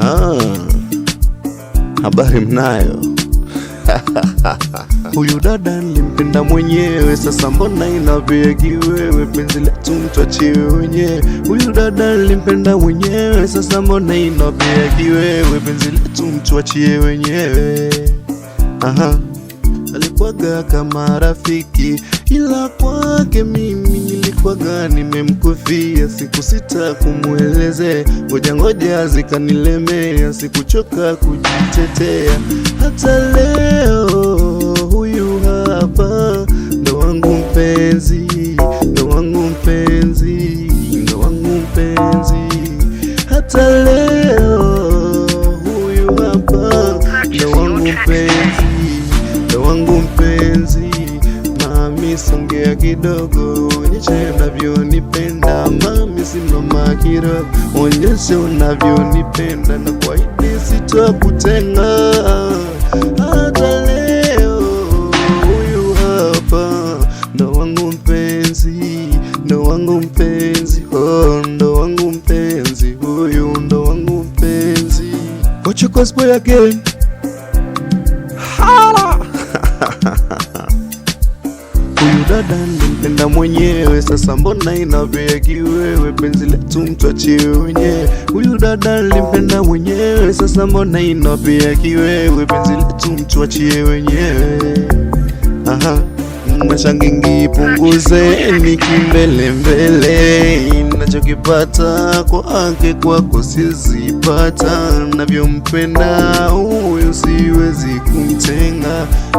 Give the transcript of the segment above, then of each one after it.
Ah, habari mnayo? Huyu dada nilimpenda mwenyewe, sasa mbona inavyoegiwewe? Penzi letu mtwachie wenyewe. Huyu dada nilimpenda mwenyewe, sasa mbona inavyoegiwewe? Penzi letu mtwachie wenyewe. Aha, alikuwaga kama rafiki, ila kwake mimi Swaga nimemkufia siku sita kumwelezea, ngoja ngoja zikanilemea, sikuchoka kujitetea hata leo. Huyu hapa ndo wangu mpenzi, ndo wangu mpenzi, ndo wangu mpenzi hata leo. Huyu hapa ndo wangu mpenzi, ndo wangu mpenzi. Mami songea kidogo Onyeshe unavyonipenda mami, sina mahira. Onyeshe unavyonipenda na kwa hili sitakutenga hata leo. Huyu hapa ndo wangu mpenzi, ndo wangu mpenzi, oh, ndo wangu mpenzi, huyu ndo wangu mpenzi. Kocho cosplay dada nilipenda mwenyewe, sasa mbona inavea wewe, Penzi letu mtuachie wenyewe. Huyu dada nilipenda mwenyewe, sasa mbona inavea wewe, Penzi letu mtuachie wenyewe. Aha, mashangingi ipunguzeni kimbelembele, nachokipata kwake kwako sizipata, navyompenda huyu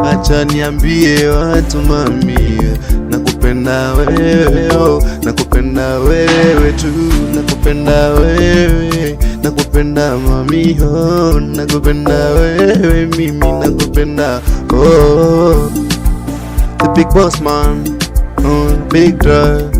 acha niambie watu mamia, nakupenda wewe oh, nakupenda wewe tu, nakupenda wewe, nakupenda mami na oh. nakupenda wewe mimi, nakupenda oh, the big boss man oh, big drive